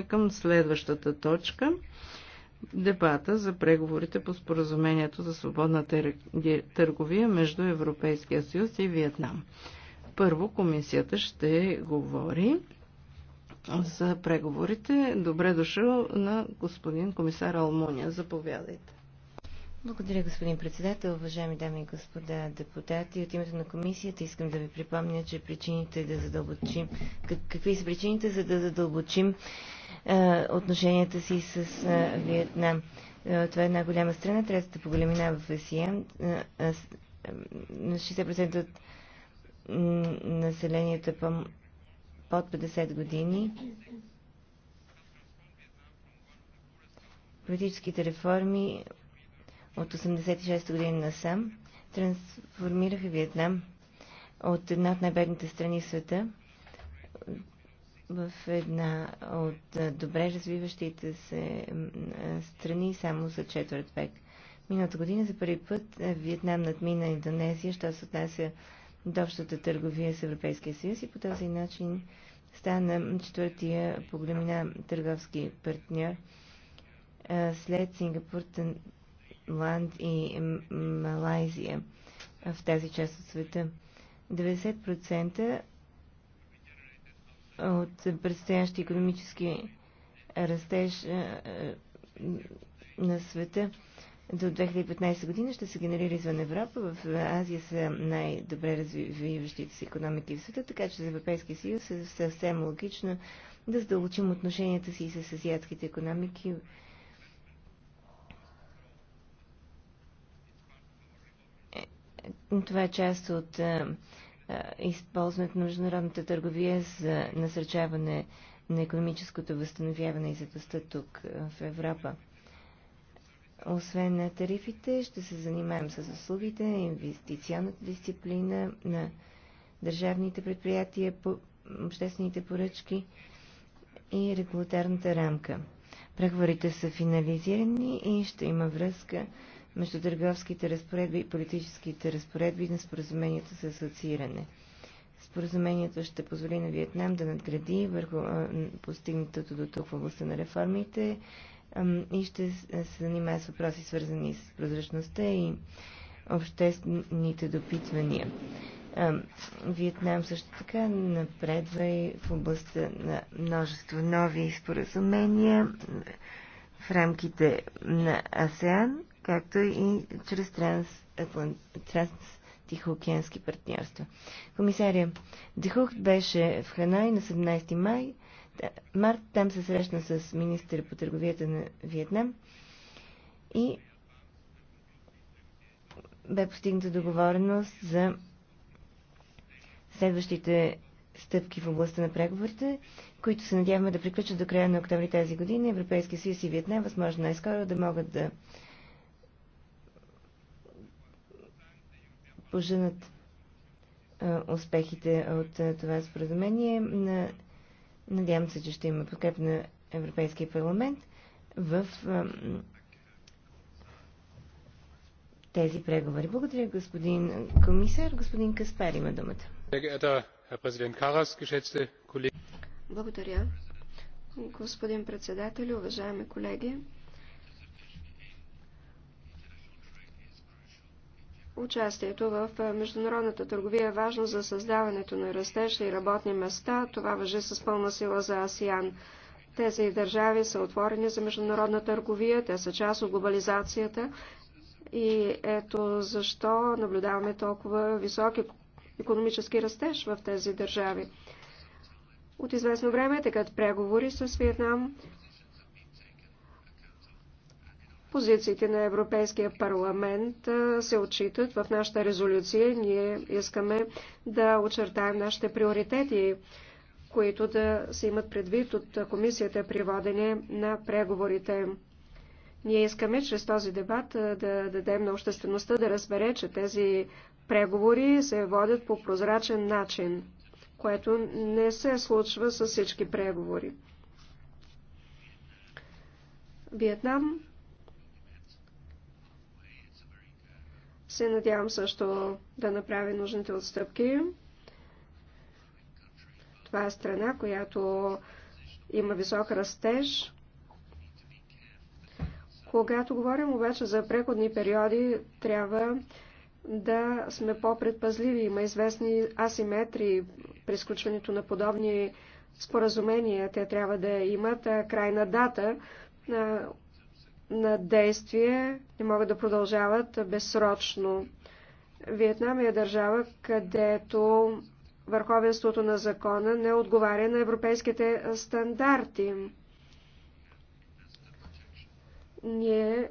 преминаваме към следващата точка дебата за преговорите по споразумението за свободна търговия между Европейския съюз и Виетнам. Първо комисията ще говори за преговорите. Добре дошъл на господин комисар Алмония. Заповядайте. Благодаря, господин председател. Уважаеми дами и господа депутати, от името на комисията искам да ви припомня, че причините да задълбочим... Какви са причините за да задълбочим е, отношенията си с е, Виетнам? Е, това е една голяма страна, третата по големина в Асия. Е, е, 60% от населението е под 50 години. Политическите реформи от 86 година насам трансформираха Виетнам от една от най-бедните страни в света в една от добре развиващите се страни само за четвърт век. Миналата година за първи път Виетнам надмина Индонезия, що се отнася до общата търговия с Европейския съюз и по този начин стана четвъртия по големина търговски партньор след Сингапур, Тайланд и Малайзия в тази част от света. 90% от предстоящи економически растеж на света до 2015 година ще се генерира извън Европа. В Азия са най-добре развиващите се економики в света, така че за Европейския съюз е съвсем логично да задълбочим отношенията си с азиатските економики Това е част от използването на международната търговия за насърчаване на економическото възстановяване и заедостта тук в Европа. Освен на тарифите, ще се занимаем с услугите, инвестиционната дисциплина на държавните предприятия, обществените поръчки и регулаторната рамка. Преговорите са финализирани и ще има връзка между търговските разпоредби и политическите разпоредби на споразумението за асоцииране. Споразумението ще позволи на Виетнам да надгради върху постигнатото до тук в областта на реформите и ще се занимава с въпроси, свързани с прозрачността и обществените допитвания. Виетнам също така напредва и в областта на множество нови споразумения в рамките на АСЕАН както и чрез транс-тихоокеански транс партньорства. Комисария, Дехухт беше в Ханой на 17 май. Март там се срещна с министър по търговията на Виетнам и бе постигната договореност за следващите стъпки в областта на преговорите, които се надяваме да приключат до края на октомври тази година. Европейския съюз и Виетнам възможно най-скоро да могат да поженат успехите от това споразумение. Надявам се, че ще има подкреп на Европейския парламент в тези преговори. Благодаря, господин комисар. Господин Каспер има думата. Благодаря. Господин председател, уважаеми колеги, Участието в международната търговия е важно за създаването на растеж и работни места. Това въжи с пълна сила за АСИАН. Тези държави са отворени за международна търговия, те са част от глобализацията и ето защо наблюдаваме толкова висок економически растеж в тези държави. От известно време текат преговори с Виетнам Позициите на Европейския парламент се отчитат в нашата резолюция. Ние искаме да очертаем нашите приоритети, които да се имат предвид от комисията при водене на преговорите. Ние искаме чрез този дебат да дадем на обществеността да разбере, че тези преговори се водят по прозрачен начин, което не се случва с всички преговори. Виетнам се надявам също да направи нужните отстъпки. Това е страна, която има висок растеж. Когато говорим обаче за преходни периоди, трябва да сме по-предпазливи. Има известни асиметрии при сключването на подобни споразумения. Те трябва да имат крайна дата, на действие не могат да продължават безсрочно. Виетнам е държава, където върховенството на закона не отговаря на европейските стандарти. Ние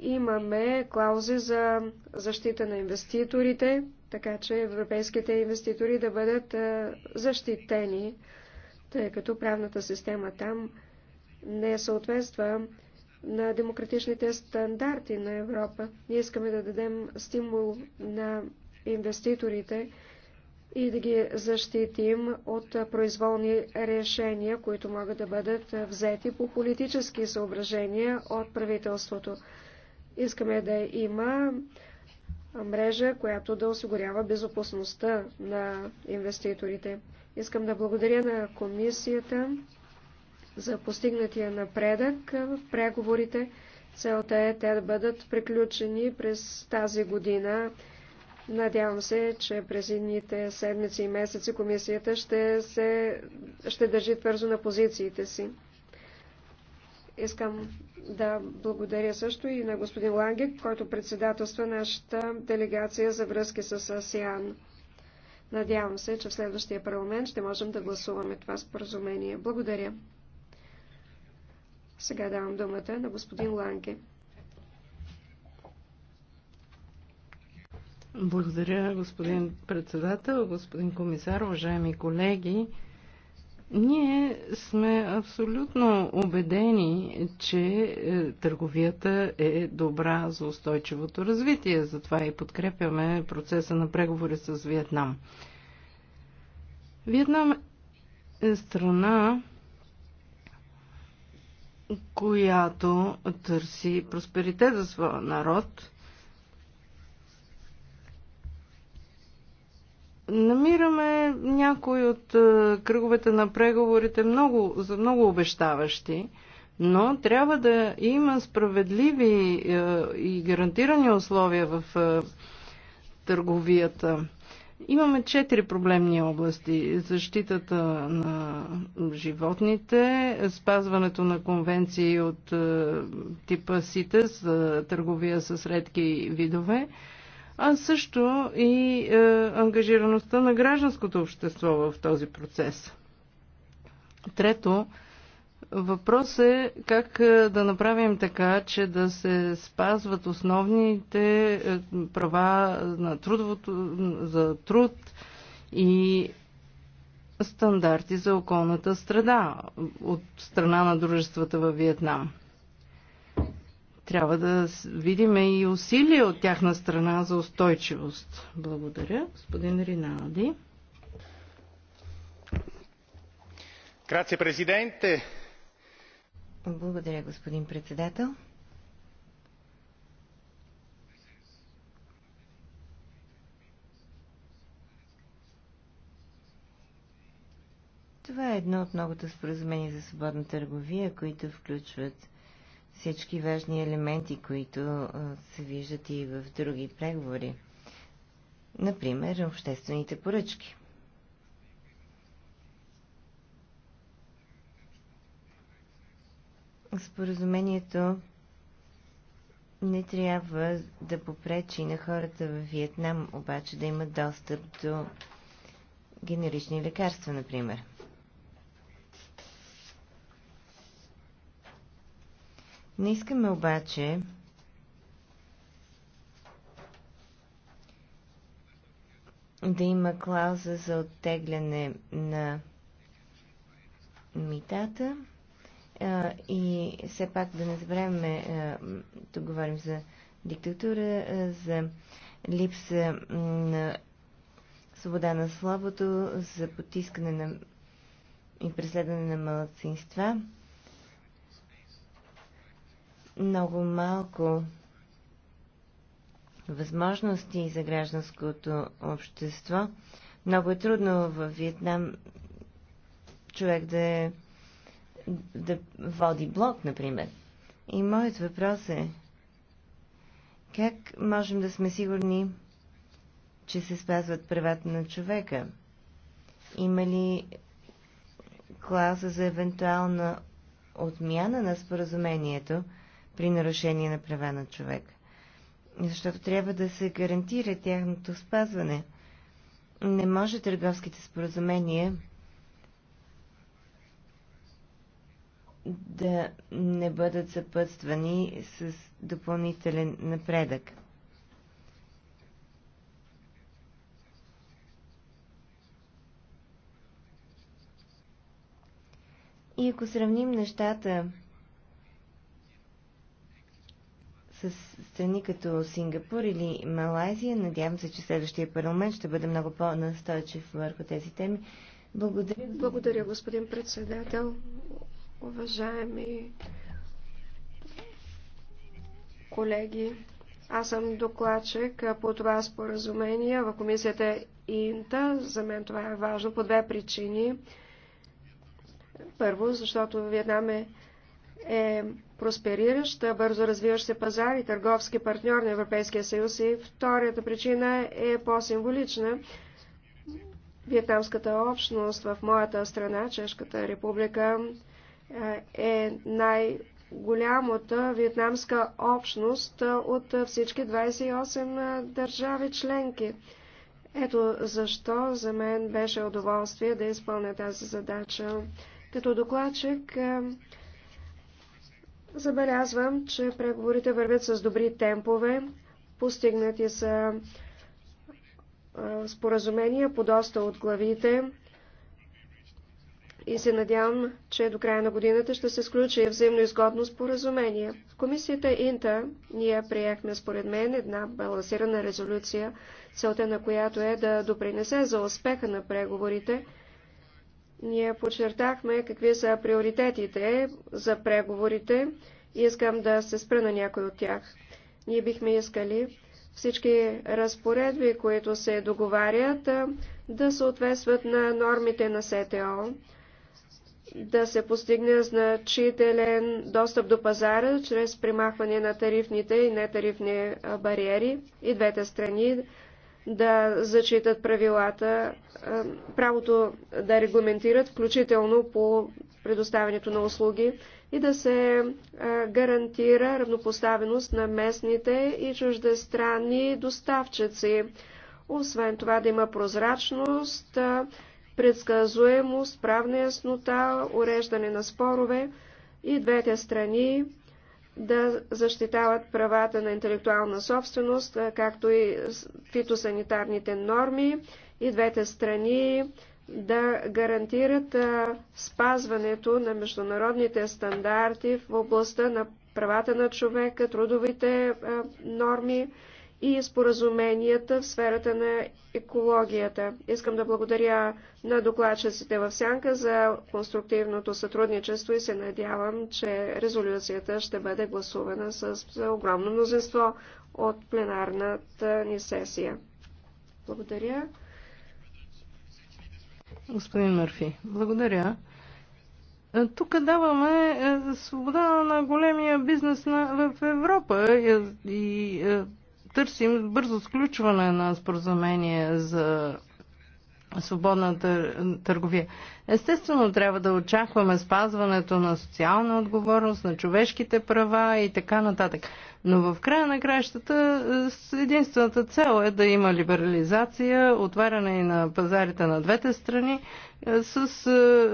имаме клаузи за защита на инвеститорите, така че европейските инвеститори да бъдат защитени, тъй като правната система там не съответства на демократичните стандарти на Европа. Ние искаме да дадем стимул на инвеститорите и да ги защитим от произволни решения, които могат да бъдат взети по политически съображения от правителството. Искаме да има мрежа, която да осигурява безопасността на инвеститорите. Искам да благодаря на комисията за постигнатия напредък в преговорите. Целта е те да бъдат приключени през тази година. Надявам се, че през едните седмици и месеци комисията ще, се, ще държи твързо на позициите си. Искам да благодаря също и на господин Ланге, който председателства нашата делегация за връзки с АСИАН. Надявам се, че в следващия парламент ще можем да гласуваме това споразумение. Благодаря. Сега давам думата на господин Ланке. Благодаря, господин председател, господин комисар, уважаеми колеги. Ние сме абсолютно убедени, че е, търговията е добра за устойчивото развитие. Затова и подкрепяме процеса на преговори с Виетнам. Виетнам е страна, която търси просперитет за своя народ. Намираме някои от е, кръговете на преговорите много, за много обещаващи, но трябва да има справедливи е, и гарантирани условия в е, търговията. Имаме четири проблемни области. Защитата на животните, спазването на конвенции от е, типа сите за търговия с редки видове, а също и е, ангажираността на гражданското общество в този процес. Трето, Въпрос е как е, да направим така, че да се спазват основните е, права на трудовото, за труд и стандарти за околната среда от страна на дружествата във Виетнам. Трябва да видим и усилия от тяхна страна за устойчивост. Благодаря, господин Риналди. Грация, президенте? Благодаря, господин председател. Това е едно от многото споразумения за свободна търговия, които включват всички важни елементи, които се виждат и в други преговори. Например, обществените поръчки. споразумението не трябва да попречи на хората в Виетнам, обаче да имат достъп до генерични лекарства, например. Не искаме обаче да има клауза за оттегляне на митата, и все пак да не забравяме, тук говорим за диктатура, за липса на свобода на словото, за потискане на и преследване на малцинства. Много малко възможности за гражданското общество. Много е трудно в Виетнам човек да е да води блог, например. И моят въпрос е, как можем да сме сигурни, че се спазват правата на човека? Има ли клауза за евентуална отмяна на споразумението при нарушение на права на човек? Защото трябва да се гарантира тяхното спазване. Не може търговските споразумения да не бъдат съпътствани с допълнителен напредък. И ако сравним нещата с страни като Сингапур или Малайзия, надявам се, че следващия парламент ще бъде много по-настойчив върху тези теми. Благодаря. Благодаря, господин председател уважаеми колеги. Аз съм докладчик по това споразумение в комисията Инта. За мен това е важно по две причини. Първо, защото Виетнам е, е проспериращ, бързо развиващ се пазар и търговски партньор на Европейския съюз. И втората причина е по-символична. Виетнамската общност в моята страна, Чешката република, е най-голямата вьетнамска общност от всички 28 държави членки. Ето защо за мен беше удоволствие да изпълня тази задача. Като докладчик забелязвам, че преговорите вървят с добри темпове, постигнати са споразумения по доста от главите и се надявам, че до края на годината ще се сключи взаимно изгодно споразумение. В комисията Инта ние приехме според мен една балансирана резолюция, целта на която е да допринесе за успеха на преговорите. Ние подчертахме какви са приоритетите за преговорите и искам да се спра на някой от тях. Ние бихме искали всички разпоредби, които се договарят, да съответстват на нормите на СТО, да се постигне значителен достъп до пазара чрез примахване на тарифните и нетарифни бариери и двете страни да зачитат правилата, правото да регламентират, включително по предоставянето на услуги и да се гарантира равнопоставеност на местните и чуждестранни доставчици. Освен това да има прозрачност, предсказуемост, правна яснота, уреждане на спорове и двете страни да защитават правата на интелектуална собственост, както и фитосанитарните норми и двете страни да гарантират спазването на международните стандарти в областта на правата на човека, трудовите норми и споразуменията в сферата на екологията. Искам да благодаря на докладчиците в Сянка за конструктивното сътрудничество и се надявам, че резолюцията ще бъде гласувана с огромно мнозинство от пленарната ни сесия. Благодаря. Господин Мърфи, благодаря. Тук даваме е, свобода на големия бизнес в Европа и е, търсим бързо сключване на споразумение за свободна търговия. Естествено, трябва да очакваме спазването на социална отговорност, на човешките права и така нататък. Но в края на кращата е, единствената цел е да има либерализация, отваряне и на пазарите на двете страни е, с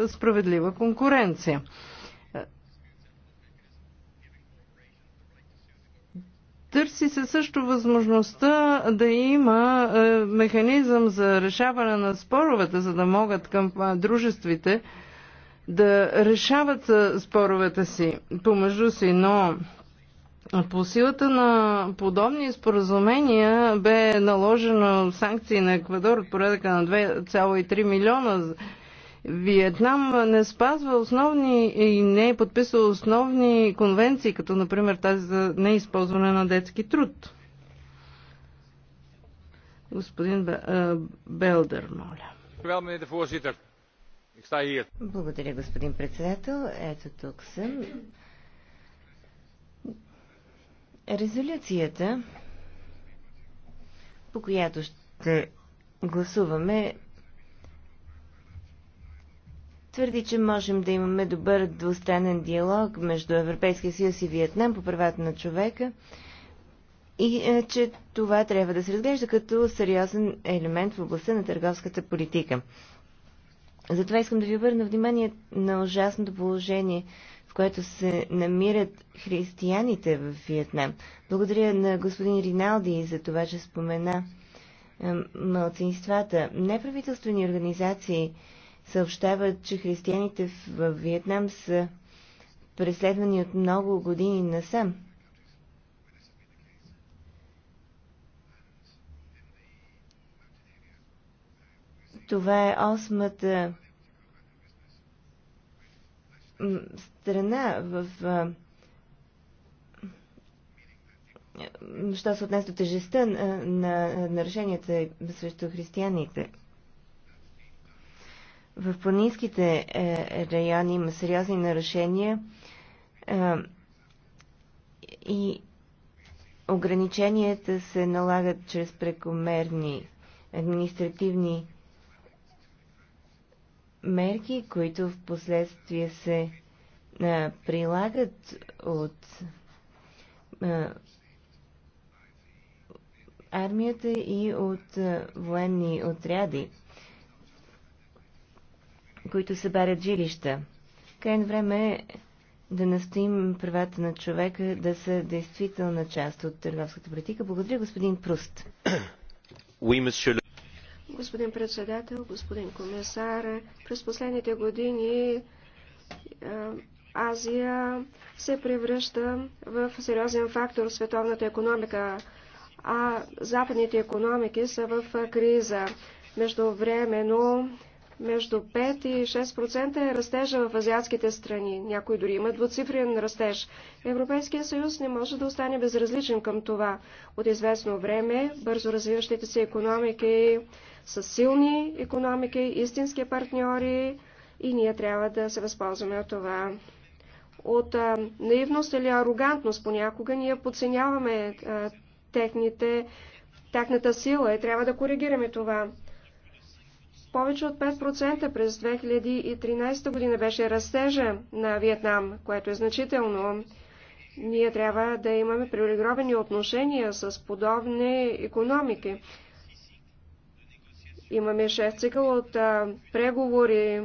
е, справедлива конкуренция. Търси се също възможността да има е, механизъм за решаване на споровете, за да могат към дружествите да решават е, споровете си помежду си, но по силата на подобни споразумения бе наложено санкции на Еквадор от порядъка на 2,3 милиона Виетнам не спазва основни и не е подписал основни конвенции, като например тази за неизползване на детски труд. Господин Белдер, моля. Благодаря, господин председател. Ето тук съм. Резолюцията, по която ще гласуваме, твърди, че можем да имаме добър двустранен диалог между Европейския съюз и Виетнам по правата на човека и е, че това трябва да се разглежда като сериозен елемент в областта на търговската политика. Затова искам да ви обърна внимание на ужасното положение, в което се намират християните в Виетнам. Благодаря на господин Риналди за това, че спомена е, малцинствата. Неправителствени организации съобщават, че християните в Виетнам са преследвани от много години насам. Това е осмата страна в що се отнесе до тежестта на нарушенията срещу християните в планинските е, райони има сериозни нарушения е, и ограниченията се налагат чрез прекомерни административни мерки, които в последствие се е, прилагат от армията и от военни отряди които събарят жилища. Крайно време е да настоим правата на човека да са действителна част от търговската политика. Благодаря, господин Пруст. Господин председател, господин комисар, през последните години е, Азия се превръща в сериозен фактор в световната економика, а западните економики са в криза. Междувременно между 5 и 6% е растежа в азиатските страни. Някои дори имат двуцифрен растеж. Европейския съюз не може да остане безразличен към това. От известно време бързо развиващите се економики са силни економики, истински партньори и ние трябва да се възползваме от това. От а, наивност или арогантност понякога ние подценяваме а, техните, тяхната сила и трябва да коригираме това повече от 5% през 2013 година беше растежа на Виетнам, което е значително. Ние трябва да имаме привилегировани отношения с подобни економики. Имаме 6 цикъл от а, преговори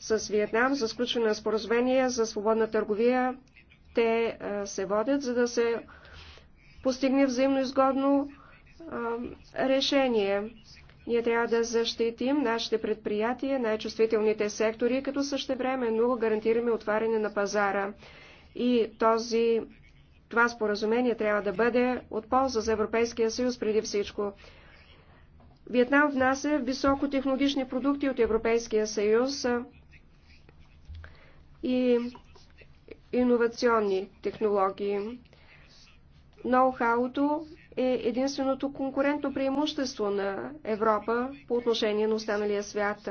с Виетнам за сключване на споразумения за свободна търговия. Те а, се водят, за да се постигне взаимно изгодно а, решение. Ние трябва да защитим нашите предприятия, най-чувствителните сектори, като много гарантираме отваряне на пазара. И този, това споразумение трябва да бъде от полза за Европейския съюз преди всичко. Виетнам внася високотехнологични продукти от Европейския съюз и иновационни технологии. Ноу-хауто е единственото конкурентно преимущество на Европа по отношение на останалия свят.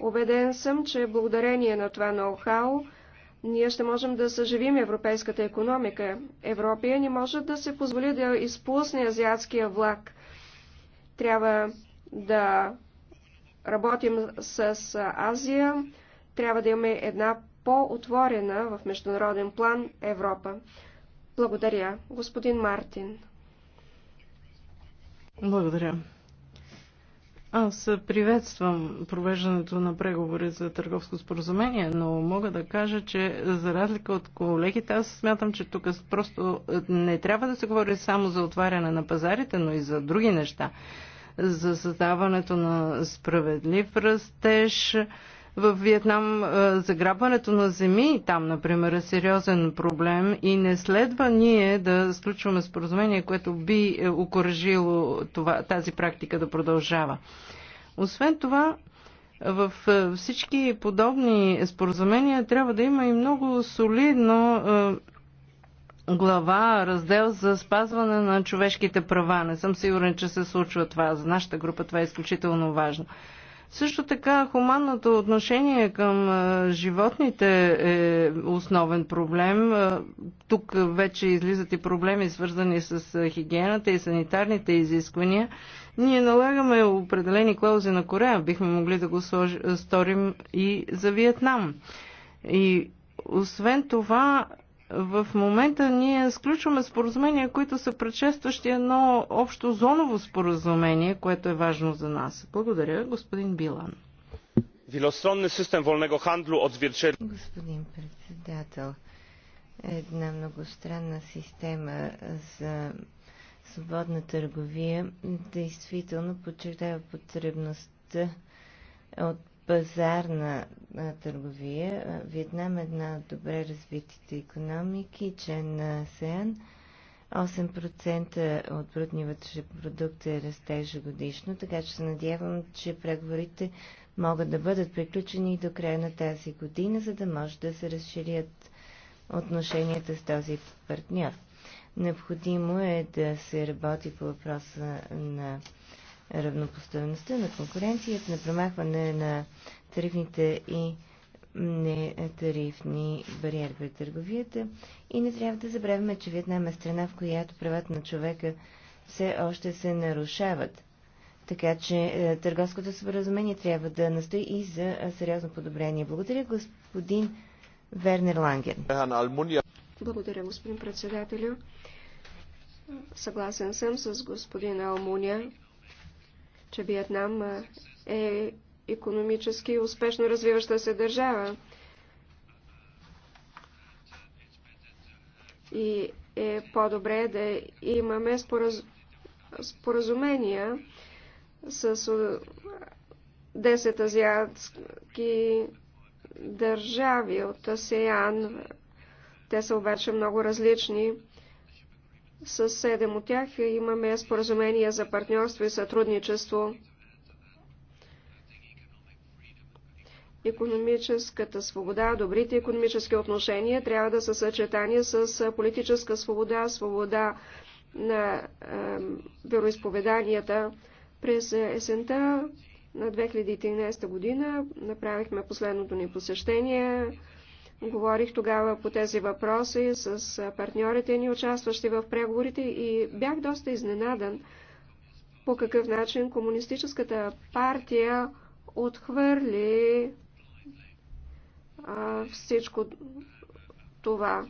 Обеден съм, че благодарение на това ноу-хау ние ще можем да съживим европейската економика. Европия не може да се позволи да изпусне азиатския влак. Трябва да работим с Азия, трябва да имаме една по-отворена в международен план Европа. Благодаря, господин Мартин. Благодаря. Аз приветствам провеждането на преговори за търговско споразумение, но мога да кажа, че за разлика от колегите, аз смятам, че тук просто не трябва да се говори само за отваряне на пазарите, но и за други неща. За създаването на справедлив растеж, в Виетнам е, заграбването на земи там, например, е сериозен проблем и не следва ние да сключваме споразумение, което би е, окоръжило това, тази практика да продължава. Освен това, в е, всички подобни споразумения трябва да има и много солидно глава, раздел за спазване на човешките права. Не съм сигурен, че се случва това. За нашата група това е изключително важно. Също така, хуманното отношение към животните е основен проблем. Тук вече излизат и проблеми, свързани с хигиената и санитарните изисквания. Ние налагаме определени клаузи на Корея. Бихме могли да го сторим и за Виетнам. И освен това, в момента ние сключваме споразумения, които са предшестващи едно общо зоново споразумение, което е важно за нас. Благодаря, господин Билан. систем system хандлу от odzwierciedla. Господин председател, една многостранна система за свободна търговия действително подчертава потребността от пазарна търговия. Виетнам е една от добре развитите економики, член на АСЕАН. 8% от брутния вътрешен продукт е растежа годишно, така че се надявам, че преговорите могат да бъдат приключени до края на тази година, за да може да се разширят отношенията с този партньор. Необходимо е да се работи по въпроса на равнопоставеността, на конкуренцията, на премахване на тарифните и нетарифни бариери при търговията. И не трябва да забравяме, че Виетнам е страна, в която правата на човека все още се нарушават. Така че е, търговското споразумение трябва да настои и за е, сериозно подобрение. Благодаря, господин Вернер Ланген. Благодаря, господин председателю. Съгласен съм с господин Алмуния, че Виетнам е економически успешно развиваща се държава и е по-добре да имаме спораз... споразумения с 10 азиатски държави от АСЕАН. Те са обаче много различни. С седем от тях имаме споразумения за партньорство и сътрудничество. Економическата свобода, добрите економически отношения трябва да са съчетани с политическа свобода, свобода на е, вероисповеданията. През есента на 2013 година направихме последното ни посещение Говорих тогава по тези въпроси с партньорите ни, участващи в преговорите и бях доста изненадан по какъв начин Комунистическата партия отхвърли а, всичко това.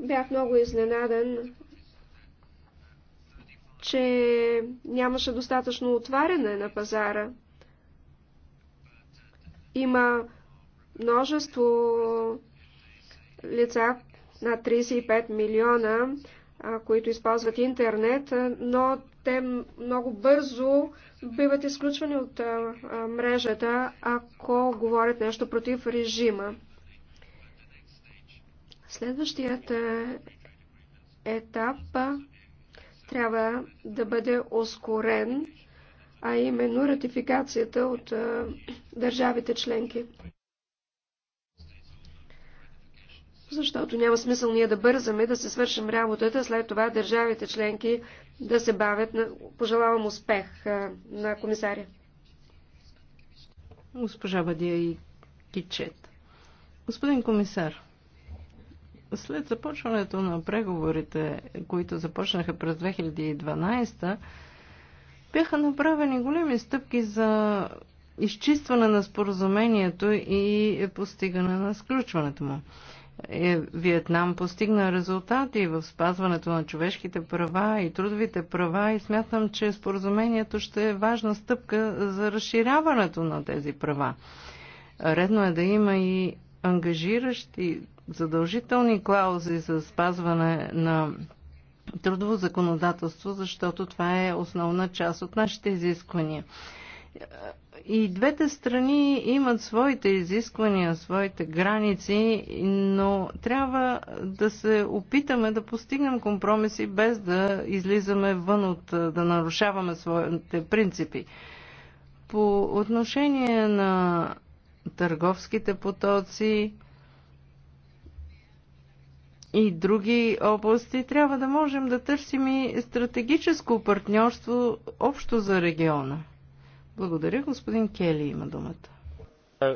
Бях много изненадан, че нямаше достатъчно отваряне на пазара. Има множество лица, над 35 милиона, които използват интернет, но те много бързо биват изключвани от мрежата, ако говорят нещо против режима. Следващият етап трябва да бъде ускорен а именно ратификацията от държавите членки. Защото няма смисъл ние да бързаме да се свършим работата, след това държавите членки да се бавят. Пожелавам успех на комисаря. Госпожа Бадия и Кичет. Господин комисар, след започването на преговорите, които започнаха през 2012, бяха направени големи стъпки за изчистване на споразумението и постигане на сключването му. Е, Виетнам постигна резултати в спазването на човешките права и трудовите права и смятам, че споразумението ще е важна стъпка за разширяването на тези права. Редно е да има и ангажиращи задължителни клаузи за спазване на трудово законодателство, защото това е основна част от нашите изисквания. И двете страни имат своите изисквания, своите граници, но трябва да се опитаме да постигнем компромиси без да излизаме вън от, да нарушаваме своите принципи. По отношение на търговските потоци, и други области, трябва да можем да търсим и стратегическо партньорство общо за региона. Благодаря, господин Кели има думата. Е,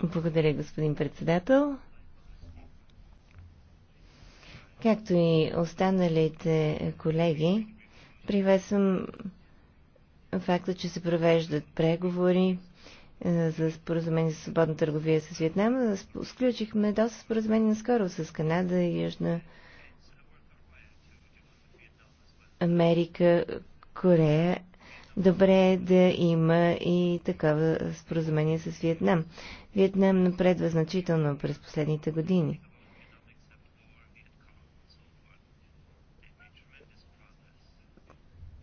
Благодаря, господин председател. Както и останалите колеги, приветствам факта, че се провеждат преговори е, за споразумение за свободна търговия с Виетнам. Сключихме доста споразумение наскоро с Канада и Южна Америка, Корея. Добре е да има и такава споразумение с Виетнам. Виетнам напредва значително през последните години.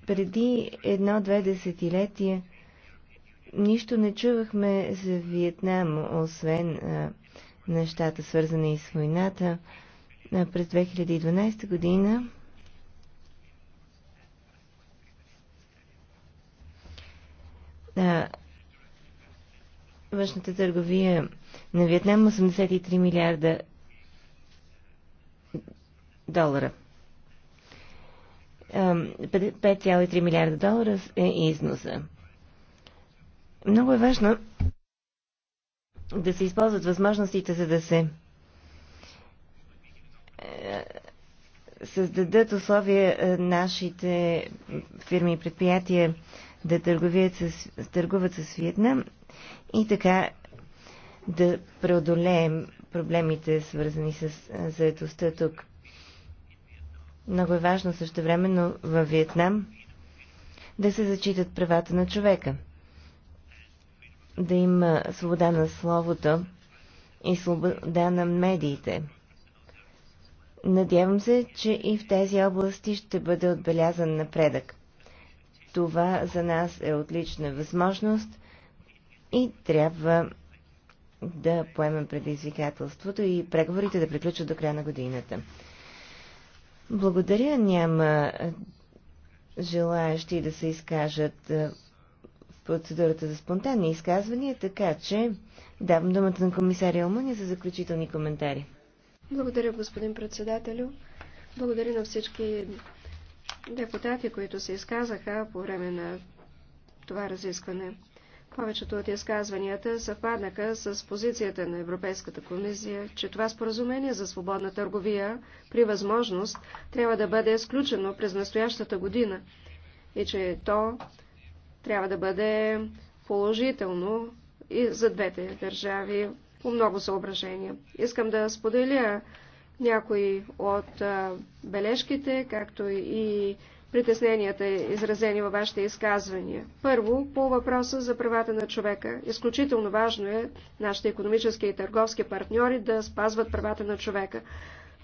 Преди едно-две десетилетия нищо не чувахме за Виетнам, освен а, нещата свързани с войната. А, през 2012 година а, външната търговия на Виетнам 83 е милиарда долара. 5,3 милиарда долара е износа. Много е важно да се използват възможностите, за да се е, създадат условия е, нашите фирми и предприятия да с, търгуват с Виетнам и така да преодолеем проблемите, свързани с е, заедостта тук. Много е важно също времено във Виетнам да се зачитат правата на човека – да има свобода на словото и свобода на медиите. Надявам се, че и в тези области ще бъде отбелязан напредък. Това за нас е отлична възможност и трябва да поемем предизвикателството и преговорите да приключат до края на годината. Благодаря. Няма желаящи да се изкажат процедурата за спонтанни изказвания, така че давам думата на комисаря Алмания за заключителни коментари. Благодаря, господин председателю. Благодаря на всички депутати, които се изказаха по време на това разискване. Повечето от изказванията съвпаднаха с позицията на Европейската комисия, че това споразумение за свободна търговия при възможност трябва да бъде изключено през настоящата година и че то трябва да бъде положително и за двете държави по много съображения. Искам да споделя някои от бележките, както и притесненията, изразени във вашите изказвания. Първо, по въпроса за правата на човека. Изключително важно е нашите економически и търговски партньори да спазват правата на човека.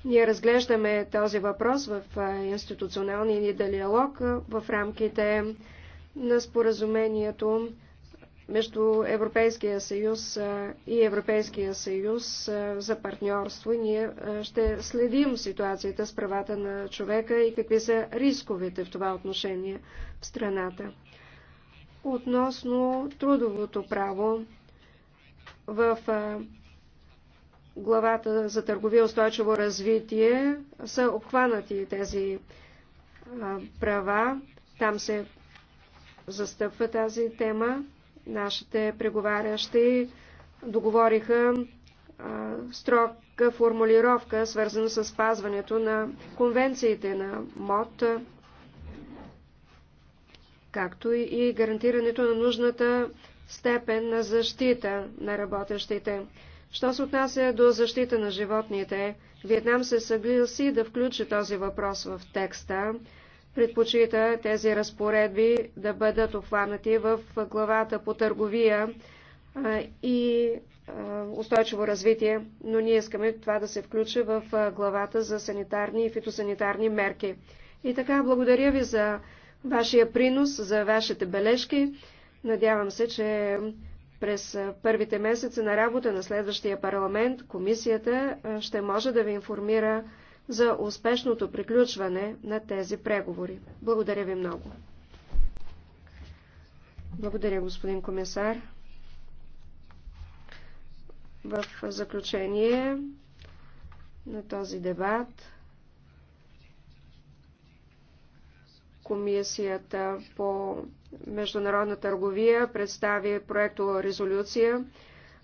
Ние разглеждаме този въпрос в институционалния ни диалог в рамките на споразумението между Европейския съюз и Европейския съюз за партньорство. Ние ще следим ситуацията с правата на човека и какви са рисковете в това отношение в страната. Относно трудовото право в главата за търговия устойчиво развитие са обхванати тези права. Там се застъпва тази тема. Нашите преговарящи договориха а, строга формулировка, свързана с спазването на конвенциите на МОД, както и гарантирането на нужната степен на защита на работещите. Що се отнася до защита на животните, Виетнам се съгласи да включи този въпрос в текста, предпочита тези разпоредби да бъдат обхванати в главата по търговия и устойчиво развитие, но ние искаме това да се включи в главата за санитарни и фитосанитарни мерки. И така, благодаря ви за вашия принос, за вашите бележки. Надявам се, че през първите месеци на работа на следващия парламент комисията ще може да ви информира за успешното приключване на тези преговори. Благодаря ви много. Благодаря, господин комисар. В заключение на този дебат Комисията по международна търговия представи проекто резолюция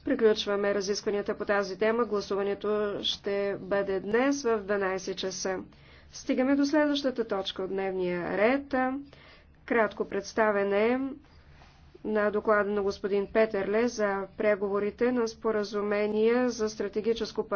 Приключваме разискванията по тази тема. Гласуването ще бъде днес в 12 часа. Стигаме до следващата точка от дневния ред. Кратко представене на доклада на господин Петерле за преговорите на споразумение за стратегическо